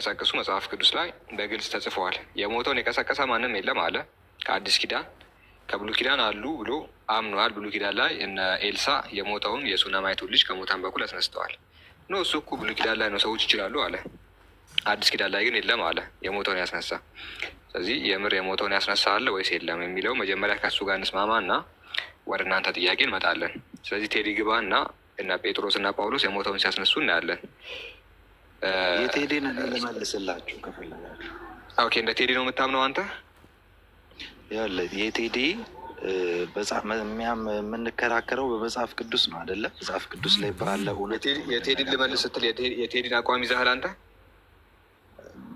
እንደሚቀሰቅሱ መጽሐፍ ቅዱስ ላይ በግልጽ ተጽፈዋል። የሞተውን የቀሰቀሰ ማንም የለም አለ። ከአዲስ ኪዳን ከብሉ ኪዳን አሉ ብሎ አምኗል። ብሉ ኪዳን ላይ እነ ኤልሳ የሞተውን የሱነማይቱ ልጅ ከሞታን በኩል አስነስተዋል። ኖ እሱ እኮ ብሉ ኪዳን ላይ ነው ሰዎች ይችላሉ አለ። አዲስ ኪዳን ላይ ግን የለም አለ የሞተውን ያስነሳ። ስለዚህ የምር የሞተውን ያስነሳ አለ ወይስ የለም የሚለው መጀመሪያ ከእሱ ጋር እንስማማ እና ወደ እናንተ ጥያቄ እንመጣለን። ስለዚህ ቴዲ ግባ እና ጴጥሮስ እና ጳውሎስ የሞተውን ሲያስነሱ እናያለን። የቴዲን ልመልስላችሁ ከፈለጋችሁ። ኦኬ እንደ ቴዲ ነው የምታምነው አንተ? ያለ የቴዲ የምንከራከረው በመጽሐፍ ቅዱስ ነው አደለ? መጽሐፍ ቅዱስ ላይ ባለ የቴዲን ልመልስ ስትል የቴዲን አቋም ይዛህል አንተ?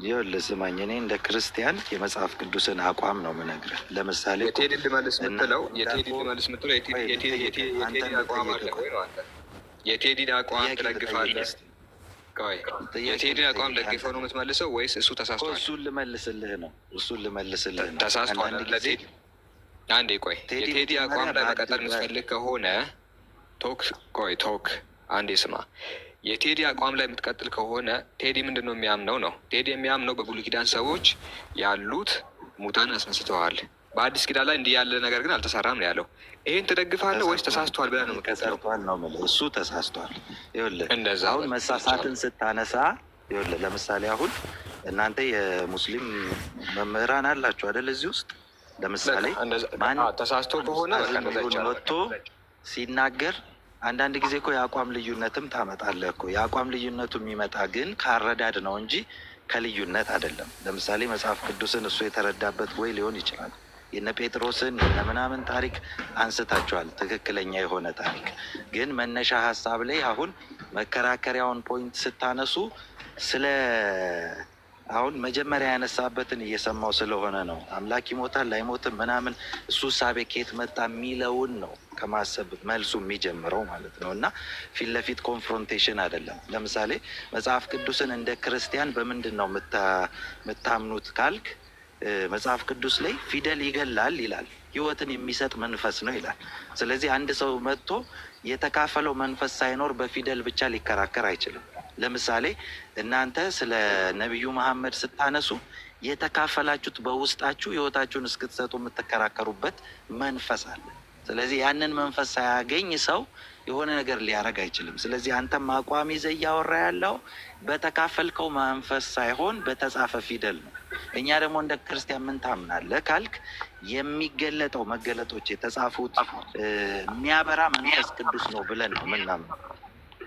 ይኸውልህ ስማኝ፣ እኔ እንደ ክርስቲያን የመጽሐፍ ቅዱስን አቋም ነው የምነግርህ። ለምሳሌ የቴዲ ልመልስ የምትለው የቴዲ ልመልስ የምትለው የቴዲ አቋም አለ ወይ ነው አንተ? የቴዲን አቋም ትደግፋለህ? የቴዲን አቋም ደግፈው ነው የምትመልሰው ወይስ እሱ ተሳስቷል? እሱን ልመልስልህ ነው እሱን ልመልስልህ ነው። ተሳስቷል። አንዴ ቆይ፣ የቴዲ አቋም ላይ መቀጠል የምትፈልግ ከሆነ ቶክ፣ ቆይ ቶክ፣ አንዴ ስማ። የቴዲ አቋም ላይ የምትቀጥል ከሆነ ቴዲ ምንድን ነው የሚያምነው ነው። ቴዲ የሚያምነው በብሉይ ኪዳን ሰዎች ያሉት ሙታን አስነስተዋል በአዲስ ኪዳን ላይ እንዲህ ያለ ነገር ግን አልተሰራም ነው ያለው። ይህን ትደግፋለህ ወይስ ተሳስቷል ብለህ ነው ተሰርቷል ነው የምልህ። እሱ ተሳስቷል። ይኸውልህ እንደዛ አሁን መሳሳትን ስታነሳ ይኸውልህ፣ ለምሳሌ አሁን እናንተ የሙስሊም መምህራን አላችሁ አይደል? እዚህ ውስጥ ለምሳሌ ተሳስቶ ከሆነ ወጥቶ ሲናገር አንዳንድ ጊዜ እኮ የአቋም ልዩነትም ታመጣለህ እኮ። የአቋም ልዩነቱ የሚመጣ ግን ካረዳድ ነው እንጂ ከልዩነት አይደለም። ለምሳሌ መጽሐፍ ቅዱስን እሱ የተረዳበት ወይ ሊሆን ይችላል የነ ጴጥሮስን የነ ምናምን ታሪክ አንስታችኋል። ትክክለኛ የሆነ ታሪክ ግን መነሻ ሀሳብ ላይ አሁን መከራከሪያውን ፖይንት ስታነሱ ስለ አሁን መጀመሪያ ያነሳበትን እየሰማው ስለሆነ ነው አምላክ ይሞታል አይሞትም ምናምን እሱ ሳቤ ከየት መጣ የሚለውን ነው ከማሰብ መልሱ የሚጀምረው ማለት ነው። እና ፊት ለፊት ኮንፍሮንቴሽን አይደለም። ለምሳሌ መጽሐፍ ቅዱስን እንደ ክርስቲያን በምንድን ነው የምታምኑት ካልክ መጽሐፍ ቅዱስ ላይ ፊደል ይገላል ይላል። ህይወትን የሚሰጥ መንፈስ ነው ይላል። ስለዚህ አንድ ሰው መጥቶ የተካፈለው መንፈስ ሳይኖር በፊደል ብቻ ሊከራከር አይችልም። ለምሳሌ እናንተ ስለ ነቢዩ መሐመድ ስታነሱ የተካፈላችሁት በውስጣችሁ ህይወታችሁን እስክትሰጡ የምትከራከሩበት መንፈስ አለ። ስለዚህ ያንን መንፈስ ሳያገኝ ሰው የሆነ ነገር ሊያደርግ አይችልም። ስለዚህ አንተም አቋም ይዘህ እያወራ ያለው በተካፈልከው መንፈስ ሳይሆን በተጻፈ ፊደል ነው። እኛ ደግሞ እንደ ክርስቲያን ምን ታምናለህ ካልክ የሚገለጠው መገለጦች የተጻፉት የሚያበራ መንፈስ ቅዱስ ነው ብለን ነው ምናምን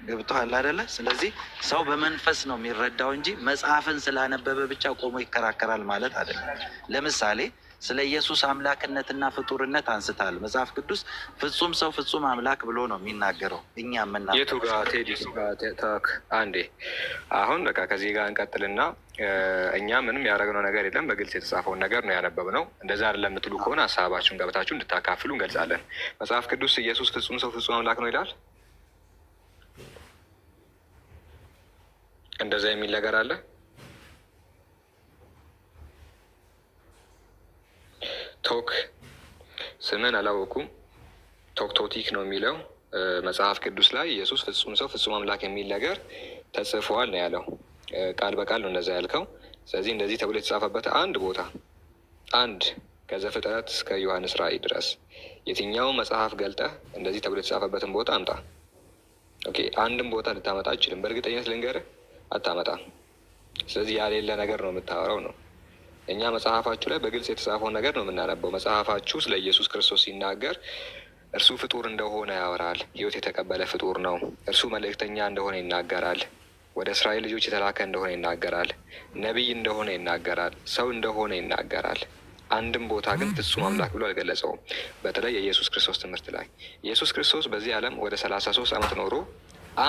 ገብቶሃል አይደለ? ስለዚህ ሰው በመንፈስ ነው የሚረዳው እንጂ መጽሐፍን ስላነበበ ብቻ ቆሞ ይከራከራል ማለት አይደለም። ለምሳሌ ስለ ኢየሱስ አምላክነትና ፍጡርነት አንስታል። መጽሐፍ ቅዱስ ፍጹም ሰው ፍጹም አምላክ ብሎ ነው የሚናገረው። እኛ የምናየቱጋቴዲስጋቴታክ አንዴ አሁን በቃ ከዚህ ጋር እንቀጥልና እኛ ምንም ያደረግነው ነገር የለም። በግልጽ የተጻፈውን ነገር ነው ያነበብነው። እንደዛ አይደለም የምትሉ ከሆነ ሀሳባችሁን ገብታችሁ እንድታካፍሉ እንገልጻለን። መጽሐፍ ቅዱስ ኢየሱስ ፍጹም ሰው ፍጹም አምላክ ነው ይላል። እንደዛ የሚል ነገር አለ ቶክ ስምን አላወኩም። ቶክቶቲክ ነው የሚለው መጽሐፍ ቅዱስ ላይ ኢየሱስ ፍጹም ሰው ፍጹም አምላክ የሚል ነገር ተጽፏል ነው ያለው። ቃል በቃል ነው እንደዛ ያልከው። ስለዚህ እንደዚህ ተብሎ የተጻፈበት አንድ ቦታ አንድ ከዘፍጥረት እስከ ዮሐንስ ራእይ ድረስ የትኛው መጽሐፍ ገልጠህ እንደዚህ ተብሎ የተጻፈበትን ቦታ አምጣ። ኦኬ፣ አንድም ቦታ ልታመጣ አይችልም። በእርግጠኝነት ልንገርህ፣ አታመጣም። ስለዚህ ያሌለ ነገር ነው የምታወራው ነው እኛ መጽሐፋችሁ ላይ በግልጽ የተጻፈውን ነገር ነው የምናነበው። መጽሐፋችሁ ስለ ኢየሱስ ክርስቶስ ሲናገር እርሱ ፍጡር እንደሆነ ያወራል። ህይወት የተቀበለ ፍጡር ነው። እርሱ መልእክተኛ እንደሆነ ይናገራል። ወደ እስራኤል ልጆች የተላከ እንደሆነ ይናገራል። ነቢይ እንደሆነ ይናገራል። ሰው እንደሆነ ይናገራል። አንድም ቦታ ግን ፍጹም አምላክ ብሎ አልገለጸውም። በተለይ የኢየሱስ ክርስቶስ ትምህርት ላይ ኢየሱስ ክርስቶስ በዚህ ዓለም ወደ ሰላሳ ሶስት ዓመት ኖሮ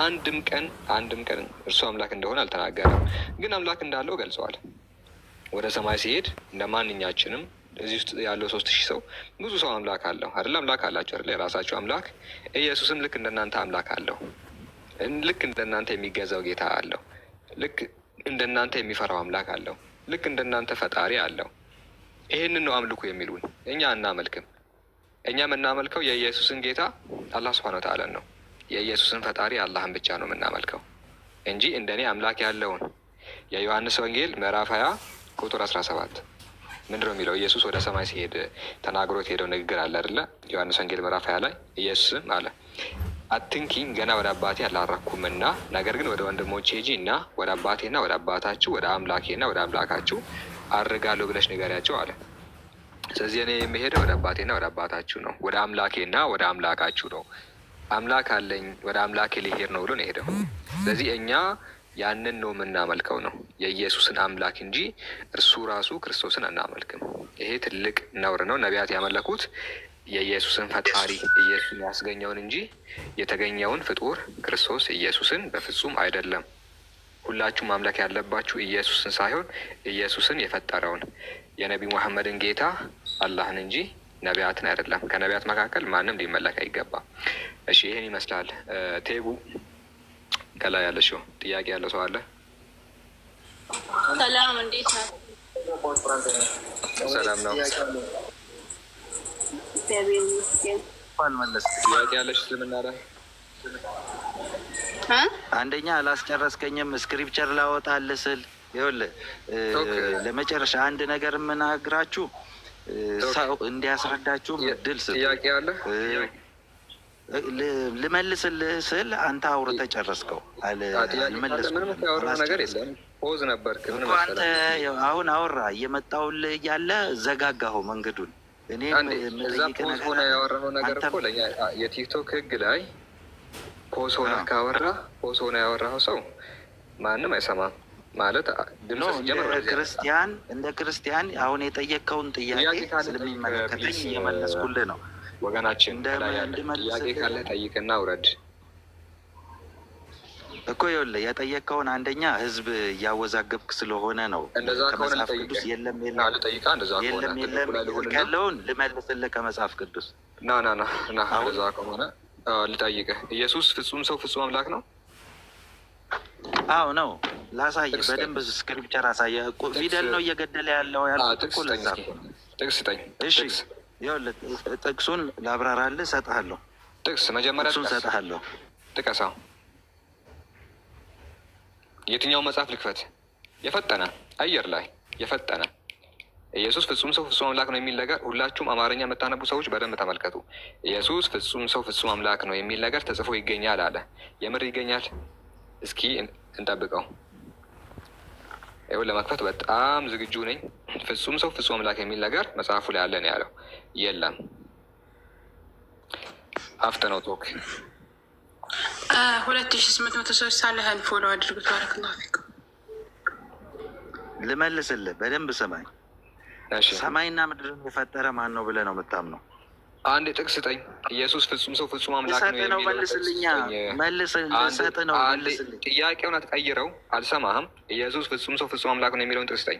አንድም ቀን አንድም ቀን እርሱ አምላክ እንደሆነ አልተናገረም። ግን አምላክ እንዳለው ገልጸዋል። ወደ ሰማይ ሲሄድ እንደ ማንኛችንም እዚህ ውስጥ ያለው ሶስት ሺህ ሰው ብዙ ሰው አምላክ አለው አይደለ? አምላክ አላቸው አይደለ? የራሳቸው አምላክ። ኢየሱስም ልክ እንደናንተ አምላክ አለው። ልክ እንደናንተ የሚገዛው ጌታ አለው። ልክ እንደናንተ የሚፈራው አምላክ አለው። ልክ እንደናንተ ፈጣሪ አለው። ይህንን ነው አምልኩ የሚሉን። እኛ አናመልክም። እኛ የምናመልከው የኢየሱስን ጌታ አላህ ስብሐነ ወተዓላን ነው። የኢየሱስን ፈጣሪ አላህን ብቻ ነው የምናመልከው እንጂ እንደኔ አምላክ ያለውን የዮሐንስ ወንጌል ምዕራፍ ሀያ ቁጥር 17 ምንድን ነው የሚለው? ኢየሱስ ወደ ሰማይ ሲሄድ ተናግሮት ሄደው ንግግር አለ አይደለ? ዮሐንስ ወንጌል ምዕራፍ ሀያ ላይ ኢየሱስም አለ አትንኪኝ፣ ገና ወደ አባቴ አላረኩምና፣ ነገር ግን ወደ ወንድሞቼ ሂጂ እና ወደ አባቴና ወደ አባታችሁ ወደ አምላኬና ወደ አምላካችሁ አድርጋለሁ ብለሽ ንገሪያቸው አለ። ስለዚህ እኔ የምሄደው ወደ አባቴና ወደ አባታችሁ ነው፣ ወደ አምላኬና ወደ አምላካችሁ ነው። አምላክ አለኝ፣ ወደ አምላኬ ሊሄድ ነው ብሎ ነው የሄደው። ስለዚህ እኛ ያንን ነው የምናመልከው ነው የኢየሱስን አምላክ እንጂ እርሱ ራሱ ክርስቶስን አናመልክም። ይሄ ትልቅ ነውር ነው። ነቢያት ያመለኩት የኢየሱስን ፈጣሪ ኢየሱስን ያስገኘውን እንጂ የተገኘውን ፍጡር ክርስቶስ ኢየሱስን በፍጹም አይደለም። ሁላችሁም ማምለክ ያለባችሁ ኢየሱስን ሳይሆን ኢየሱስን የፈጠረውን የነቢ መሐመድን ጌታ አላህን እንጂ ነቢያትን አይደለም። ከነቢያት መካከል ማንም ሊመለክ አይገባም። እሺ ይህን ይመስላል ቴቡ ከላይ ያለ ሲሆን ጥያቄ ያለ ሰው አለ? ሰላም እንዴት ነው? ሰላም ነው። ጥያቄ ያለሽ እስልምና ላይ አንደኛ አላስጨረስከኝም። ስክሪፕቸር ላወጣል ስል ይኸውልህ፣ ለመጨረሻ አንድ ነገር የምናግራችሁ እንዲያስረዳችሁ ድል ስጥ። አለ ልመልስልህ ስል አንተ አውርተህ ጨረስከው። ፖዝ ነበር አንተ አሁን አወራ እየመጣውል እያለ ዘጋጋኸው መንገዱን። እኔ እዛ ፖዝ ሆነ ያወራኸው ነገር እኮ ለእኛ የቲክቶክ ህግ ላይ ፖዝ ሆነ ካወራ ፖዝ ሆነ ያወራኸው ሰው ማንም አይሰማም ማለት ድምፅ ክርስቲያን እንደ ክርስቲያን አሁን የጠየቅከውን ጥያቄ ስለሚመለከተኝ እየመለስኩልህ ነው። ወገናችን ጥያቄ ካለ ጠይቅና ውረድ እኮ ይኸውልህ፣ የጠየቀውን አንደኛ ህዝብ እያወዛገብክ ስለሆነ ነው። ከመጽሐፍ ቅዱስ የለም የለም የለም ያለውን ልመልስልህ ከመጽሐፍ ቅዱስ ና ና ና ና እንደዛ ከሆነ ልጠይቅህ። ኢየሱስ ፍጹም ሰው ፍጹም አምላክ ነው? አዎ ነው። ላሳየህ በደንብ ስክሪፕቸር አሳየህ። ፊደል ነው እየገደለ ያለው ያልኩህ እኮ ለዛ ጥቅስ ጠኝ እሺ ጥቅሱን ላብራራልህ እሰጥሃለሁ። ጥቅስ መጀመሪያ ጥቅሱን እሰጥሃለሁ። ጥቀሳው የትኛው መጽሐፍ ልክፈት? የፈጠነ አየር ላይ የፈጠነ ኢየሱስ ፍጹም ሰው ፍጹም አምላክ ነው የሚል ነገር ሁላችሁም አማርኛ የምታነቡ ሰዎች በደንብ ተመልከቱ። ኢየሱስ ፍጹም ሰው ፍጹም አምላክ ነው የሚል ነገር ተጽፎ ይገኛል አለ። የምር ይገኛል? እስኪ እንጠብቀው። ይሁን ለመክፈት በጣም ዝግጁ ነኝ። ፍጹም ሰው ፍጹም አምላክ የሚል ነገር መጽሐፉ ላይ አለ ያለው። የለም አፍተ ነው ቶክ ሁለት ሺ ስምንት መቶ ሰዎች ሳለህን ፎሎ አድርጉት። ባረክላሁ ልመልስልህ፣ በደንብ ስማኝ። ሰማይና ምድርን የፈጠረ ማን ነው ብለህ ነው የምታምነው? አንድ ጥቅስ ስጠኝ። ኢየሱስ ፍጹም ሰው ፍጹም አምላክ ነው የሚለው መልስልኝ ጥያቄውን አትቀይረው። አልሰማህም። ኢየሱስ ፍጹም ሰው ፍጹም አምላክ ነው የሚለውን ጥቅስ ስጠኝ።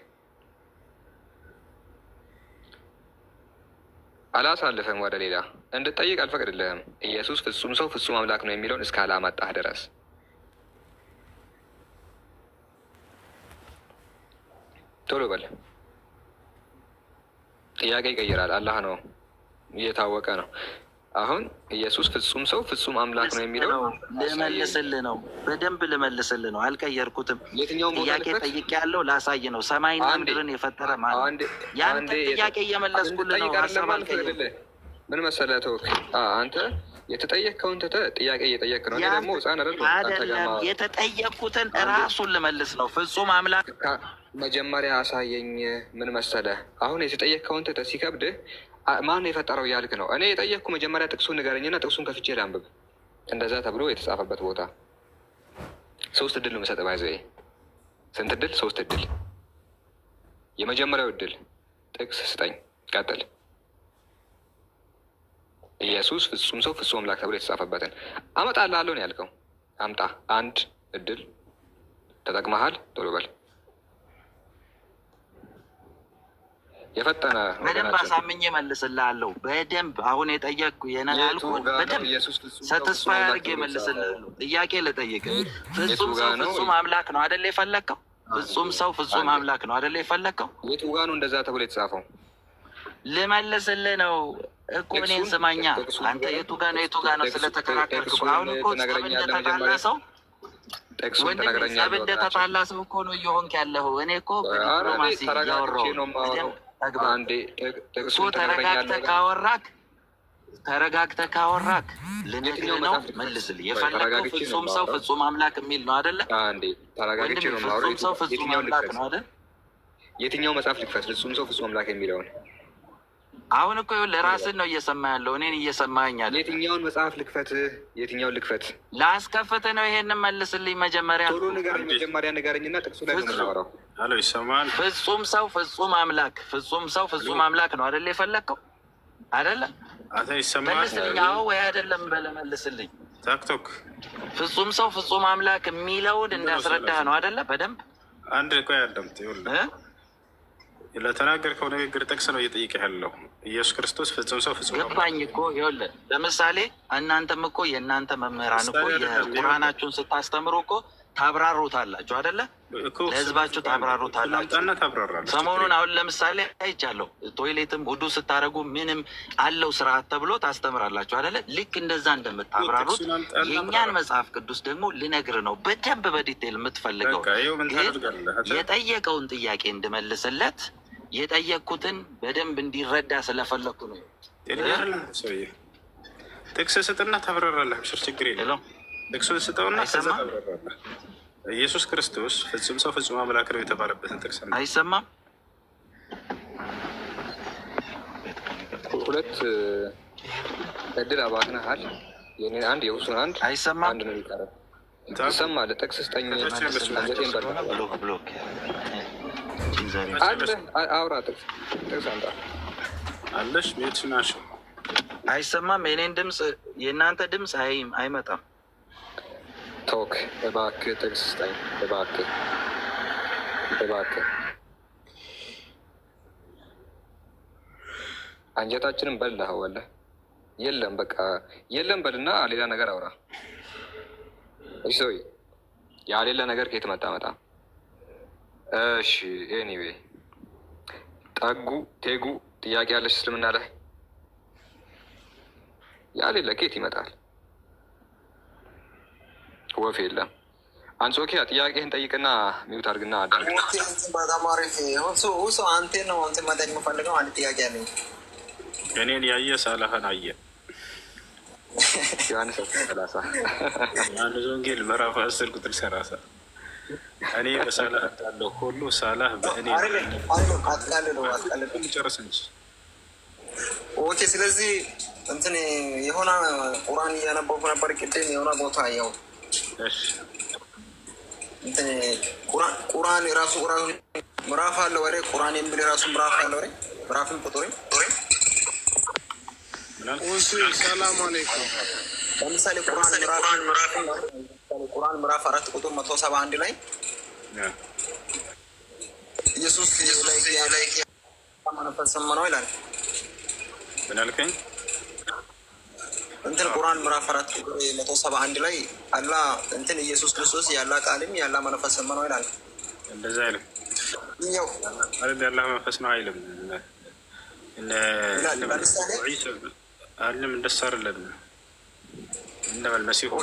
አላሳልፈም ወደ ሌላ እንድጠይቅ አልፈቅድልህም። ኢየሱስ ፍጹም ሰው ፍጹም አምላክ ነው የሚለውን እስከ አላመጣህ ድረስ ቶሎ በል። ጥያቄ ይቀይራል። አላህ ነው እየታወቀ ነው። አሁን ኢየሱስ ፍጹም ሰው ፍጹም አምላክ ነው የሚለው ልመልስልህ ነው፣ በደንብ ልመልስልህ ነው። አልቀየርኩትም። ጥያቄ ጠይቅ ያለው ላሳይ ነው። ሰማይና ምድርን የፈጠረ ማለት ያንተ ጥያቄ እየመለስኩልህ ነው። ሀሳብ አልቀየርኩም። ምን መሰለህ ተወክ አንተ የተጠየቅከውን ተተ ጥያቄ እየጠየቅ ነው። ደግሞ ህፃን አይደለም። የተጠየቅኩትን ራሱን ልመልስ ነው። ፍጹም አምላክ መጀመሪያ አሳየኝ። ምን መሰለህ አሁን የተጠየቅከውን ተተ ሲከብድህ ማን የፈጠረው ያልክ ነው። እኔ የጠየቅኩ መጀመሪያ ጥቅሱን ንገረኝና ጥቅሱን ከፍቼ ላንብብ። እንደዛ ተብሎ የተጻፈበት ቦታ ሶስት እድል ነው የምሰጥ። ባይዘ ስንት እድል? ሶስት እድል። የመጀመሪያው እድል ጥቅስ ስጠኝ፣ ቀጥል። ኢየሱስ ፍጹም ሰው ፍጹም አምላክ ተብሎ የተጻፈበትን አመጣልሃለሁ ነው ያልከው። አምጣ። አንድ እድል ተጠቅመሃል። ቶሎ በል የፈጠነ በደንብ አሳምኜ መልስልሃለሁ። በደንብ አሁን የጠየቅኩ የነላል በደንብ ሰትስፋ ያርግ መልስልሃለሁ። ጥያቄ ልጠይቅ። ፍጹም ሰው ፍጹም አምላክ ነው አደለ የፈለግከው? ፍጹም ሰው ፍጹም አምላክ ነው አደለ የፈለግከው? የቱ ጋ ነው እንደዛ ተብሎ የተጻፈው? ልመልስልህ ነው እኮ እኔን ስማኛ። አንተ የቱ ጋ ነው የቱ ጋ ነው ስለተከራከርክ አሁን እኮ እንደተጣላ ሰው ጠቅሱን ተናግረኛል። እንደተጣላ ሰው እኮ ነው እየሆንክ ያለኸው። እኔ እኮ ዲፕሎማሲ እያወራሁ እሱ ተረጋግተህ ካወራክ ተረጋግተህ ካወራክ ነው መልስልህ። የፈለገው ፍጹም ሰው ፍጹም አምላክ የሚል ነው አደለ? ፍጹም ሰው ፍጹም አምላክ ነው የትኛው መጽሐፍ ልክፈት? ፍጹም ሰው ፍጹም አምላክ የሚለውን አሁን እኮ ለራስን ነው እየሰማ ያለው እኔን እየሰማኛል። የትኛውን መጽሐፍ ልክፈት? የትኛውን ልክፈት? ላስከፍት ነው። ይሄን መልስልኝ መጀመሪያ ቶሎ ንገረኝ። መጀመሪያ ንገረኝና ጥቅሱ ላይ ይሰማል። ፍጹም ሰው ፍጹም አምላክ፣ ፍጹም ሰው ፍጹም አምላክ ነው አደለ? የፈለግከው አደለ? መልስልኝ። አዎ ወይ አደለም በለ መልስልኝ። ታክቶክ ፍጹም ሰው ፍጹም አምላክ የሚለውን እንዳስረዳህ ነው አደለ? በደንብ አንድ እኮ ያለምት ለተናገርከው ንግግር ጥቅስ ነው እየጠየቀ ያለው ኢየሱስ ክርስቶስ ፍጹም ሰው ፍጹም ገባኝ እኮ ይኸውልህ ለምሳሌ እናንተም እኮ የእናንተ መምህራን እኮ የቁርአናችሁን ስታስተምሩ እኮ ታብራሩታላችሁ አደለ ለህዝባችሁ ታብራሩታላችሁ ሰሞኑን አሁን ለምሳሌ አይቻለሁ ቶይሌትም ውዱ ስታደረጉ ምንም አለው ስርዓት ተብሎ ታስተምራላችሁ አደለ? ልክ እንደዛ እንደምታብራሩት የእኛን መጽሐፍ ቅዱስ ደግሞ ልነግር ነው በደንብ በዲቴል የምትፈልገው የጠየቀውን ጥያቄ እንድመልስለት የጠየቅኩትን በደንብ እንዲረዳ ስለፈለግኩ ነው። ጥቅስ ስጥና ታብራራለህ። ምስር ችግር የለም። ጥቅሱን ስጠውና ኢየሱስ ክርስቶስ ፍጹም ሰው ፍጹም አምላክ ነው የተባለበትን ጥቅስ አይሰማም። ሁለት እድል አባክነሃል። የኔን አንድ የውሱን አንድ አይሰማም። አንድ ነው ይቀራል። ይሰማል። ጥቅስ ስጠኝ። ብሎክ ብሎክ አለሽ ቤት ናሽ አይሰማም። የኔን ድምፅ የእናንተ ድምፅ አይም አይመጣም። ቶክ እባክህ ጥቅስ ስጠኝ እባክህ እባክህ። አንጀታችንን በላህ ወለ የለም በቃ የለም በልና ሌላ ነገር አውራ ሰውዬ። ያ ሌላ ነገር ከየት መጣ መጣ እሺ ኤኒዌይ ጠጉ ቴጉ ጥያቄ ያለች እስልምና ላይ ያሌለ ኬት ይመጣል። ወፍ የለም። አንጾኪያ ጥያቄህን ጠይቅና ሚውት አድርግና አዳርግ። በጣም እኔን ያየ ሳላህን አየ ሰላሳ ዮሐንስ ወንጌል ምዕራፍ አስር ቁጥር ሰላሳ እኔ በሰላህ እንዳለው ሁሉ ሰላህ በእኔ ጨርስ እንጂ። ኦኬ። ስለዚህ እንትን የሆነ ቁርአን እያነበብኩ ነበር ቅድም የሆነ ቦታ ያው ቁርአን የራሱ ምራፍ አለ ወሬ ቁርአን የሚል የራሱ ምራፍ አለ ወሬ ምራፍን ቁጥሬ ሰላም አለይኩም ለምሳሌ ቁርአን ምራፍ ቁርአን ምዕራፍ አራት ቁጥር መቶ ሰባ አንድ ላይ ኢየሱስ ላይ ነው ይላል። ምን አልከኝ? እንትን ቁርአን ምዕራፍ አራት ቁጥር መቶ ሰባ አንድ ላይ አላ እንትን ኢየሱስ ክርስቶስ ያላ ቃልም ያላ መንፈስ ነው ይላል። እንደዛ አይልም። ያው ያላ መንፈስ ነው አይልም። ለምሳሌ አይልም እንደሳርለን እነበል መሲሁ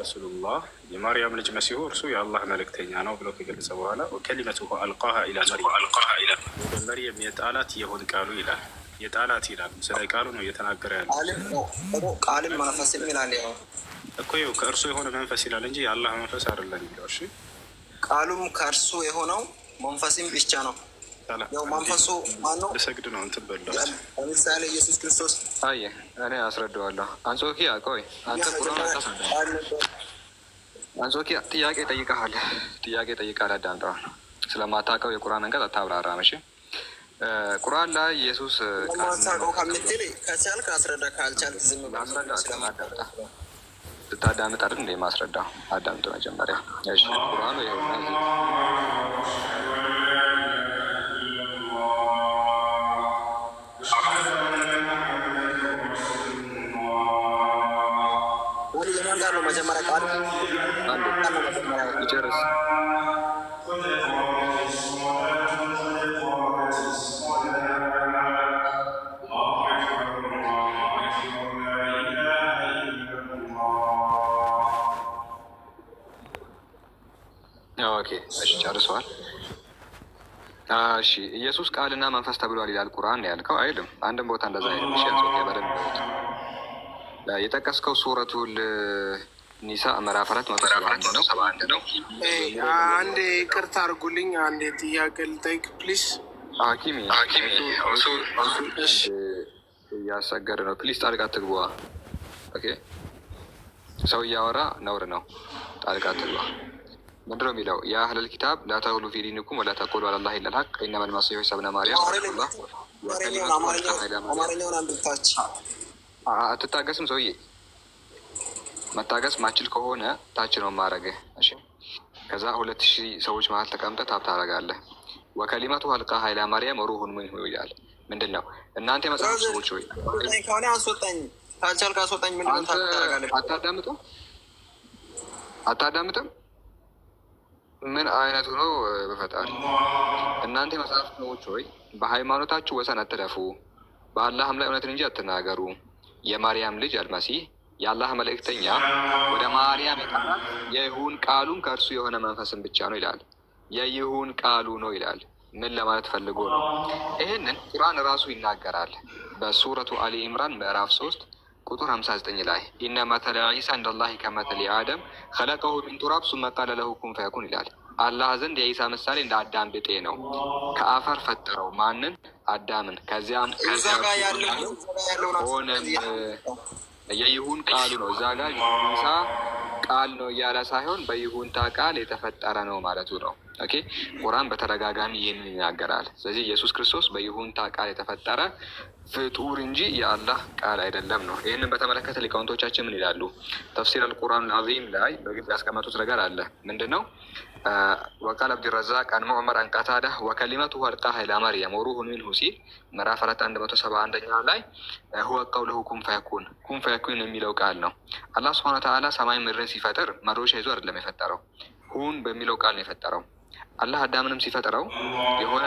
ረሱሉላ የማርያም ልጅ መሲሁ እርሱ የአላህ መልእክተኛ ነው ብሎ ከገለጸ በኋላ ከሊመቱ አልቃሃ ኢላ መርየም የጣላት የሆን ቃሉ ይላል። የጣላት ይላል። ስለ ቃሉ ነው እየተናገረ ያለው። ቃልም መንፈስም ይላል እኮ ይኸው ከእርሱ የሆነ መንፈስ ይላል እንጂ የአላህ መንፈስ አይደለም። ቃሉም ከእርሱ የሆነው መንፈስም ብቻ ነው። ማንፈሱ ማነው? ልሰግድ ነው እንትን በለው። ለምሳሌ ኢየሱስ ክርስቶስ አየ እኔ አስረዳዋለሁ። አንጾኪያ ቆይ፣ አንተ አንጾኪያ ጥያቄ ጠይቀሃል፣ ጥያቄ ጠይቀሃል። አዳምጠዋል። ስለማታውቀው የቁርአን አንቀጽ አታብራራም። እሺ ቁርአን ላይ ኢየሱስ ስታዳምጥ አይደል እንደ ማስረዳ አዳምጥ መጀመሪያ። ቁርአኑ ይኸውና ይጨርስ። ጨርሰዋል። እሺ ኢየሱስ ቃልና መንፈስ ተብሏል ይላል ቁርአን ያልከው አይልም። አንድም ቦታ እንደዛ አይልም። የጠቀስከው ሱረቱል ኒሳ ምዕራፍ አራት መቶ ሰባ አንድ ነው። አንዴ ቅርታ አድርጉልኝ፣ አንዴ ጥያቄ ልጠይቅ ፕሊስ። ሐኪም እያሰገድ ነው ፕሊስ፣ ጣልቃ ትግባ። ሰው እያወራ ነውር ነው፣ ጣልቃ ትግባ። ምንድን ነው የሚለው? የአህለል ኪታብ ላተሁሉ ፊ ዲኒኩም ወላ ተቁሉ አላ ላ ኢለልሀቅ ኢነመል መሲሑ ዒሳ ብነ ማርያም አትታገስም ሰውዬ መታገስ ማችል ከሆነ ታች ነው ማድረግ። እሺ ከዛ ሁለት ሺህ ሰዎች መሀል ተቀምጠ ታብ ታረጋለህ። ወከሊመቱ ሀልቃ ሀይላ ማርያም ሩሁን ምን ይላል? ምንድን ነው እናንተ የመጽሐፍ ሰዎች ወይ ከሆነ አስወጣኝ፣ ታቻል ካስወጣኝ ምንድን አታዳምጥም አታዳምጥም ምን አይነቱ ነው? በፈጣሪ እናንተ የመጽሐፍ ሰዎች ሆይ በሃይማኖታችሁ ወሰን አትለፉ፣ በአላህም ላይ እውነትን እንጂ አትናገሩ። የማርያም ልጅ አልመሲህ የአላህ መልእክተኛ ወደ ማርያም የጠራት የይሁን ቃሉም ከእርሱ የሆነ መንፈስን ብቻ ነው ይላል። የይሁን ቃሉ ነው ይላል። ምን ለማለት ፈልጎ ነው? ይህንን ቁርአን ራሱ ይናገራል። በሱረቱ አሊ ኢምራን ምዕራፍ ሶስት ቁጥር 59 ላይ ኢነ መተለ ዒሳ እንደላሂ ከመተል አደም ከለቀሁ ሚን ቱራብ ሱመ ቃለ ለሁ ኩን ፈያኩን ይላል። አላህ ዘንድ የዒሳ ምሳሌ እንደ አዳም ብጤ ነው። ከአፈር ፈጠረው ማንን? አዳምን። ከዚያም ሆነም የይሁን ቃሉ ነው። እዛ ጋር ይሁንታ ቃል ነው እያለ ሳይሆን በይሁንታ ቃል የተፈጠረ ነው ማለቱ ነው። ኦኬ ቁርአን በተደጋጋሚ ይህንን ይናገራል። ስለዚህ ኢየሱስ ክርስቶስ በይሁንታ ቃል የተፈጠረ ፍጡር እንጂ የአላህ ቃል አይደለም ነው። ይህንን በተመለከተ ሊቃውንቶቻችን ምን ይላሉ? ተፍሲር አልቁርአን አዚም ላይ በግልጽ ያስቀመጡት ነገር አለ። ምንድን ነው? وقال عبد الرزاق عن معمر عن قتادة وكلمته ألقاها إلى مريم ሲል ምዕራፍ አራት አንድ መቶ ሰባ አንደኛ ላይ ሁወ ቀውለሁ ኩን ፈያኩን ኩን ፈያኩን የሚለው ቃል ነው። አላህ ስብሐነ ወተዓላ ሰማይ ምድርን ሲፈጥር መዶሻ ይዞ አይደለም የፈጠረው፣ ሁን በሚለው ቃል ነው የፈጠረው። አላህ አዳምንም ሲፈጥረው የሆነ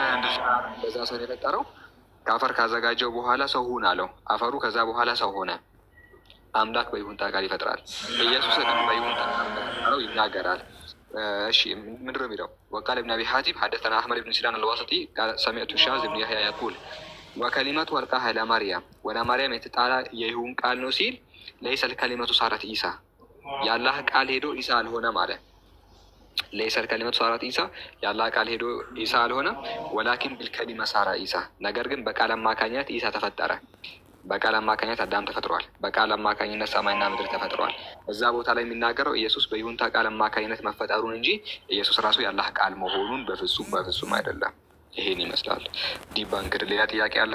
በዛ ሰው የፈጠረው ከአፈር ካዘጋጀው በኋላ ሰው ሁን አለው። አፈሩ ከዛ በኋላ ሰው ሆነ። አምላክ በይሁንታ ቃል ይፈጥራል። ኢየሱስ በይሁንታ ቃል ይናገራል። እሺ ምንድን ነው የሚለው? ወቃል ብን አቢ ሐቲም ሐደተና አሕመድ ብን ሲላን አልዋሰጢ ሰሚዕቱ ሻዝ ብን ያህያ ያቁል ወከሊመቱ አልቃሃ ኢላ ማርያም ወላ ማርያም የተጣላ የይሁን ቃል ነው ሲል ለይሰል ከሊመቱ ሳረት ኢሳ የአላህ ቃል ሄዶ ኢሳ አልሆነም አለ። ለይሰል ከሊመቱ ሳረት ኢሳ የአላህ ቃል ሄዶ ኢሳ አልሆነም። ወላኪን ቢልከሊመ ሳራ ኢሳ ነገር ግን በቃል አማካኝነት ኢሳ ተፈጠረ። በቃል አማካኝነት አዳም ተፈጥሯል። በቃል አማካኝነት ሰማይና ምድር ተፈጥሯል። እዛ ቦታ ላይ የሚናገረው ኢየሱስ በይሁንታ ቃል አማካኝነት መፈጠሩን እንጂ ኢየሱስ ራሱ ያላህ ቃል መሆኑን በፍጹም በፍጹም አይደለም። ይሄን ይመስላል። ዲባንክድ ሌላ ጥያቄ አለ።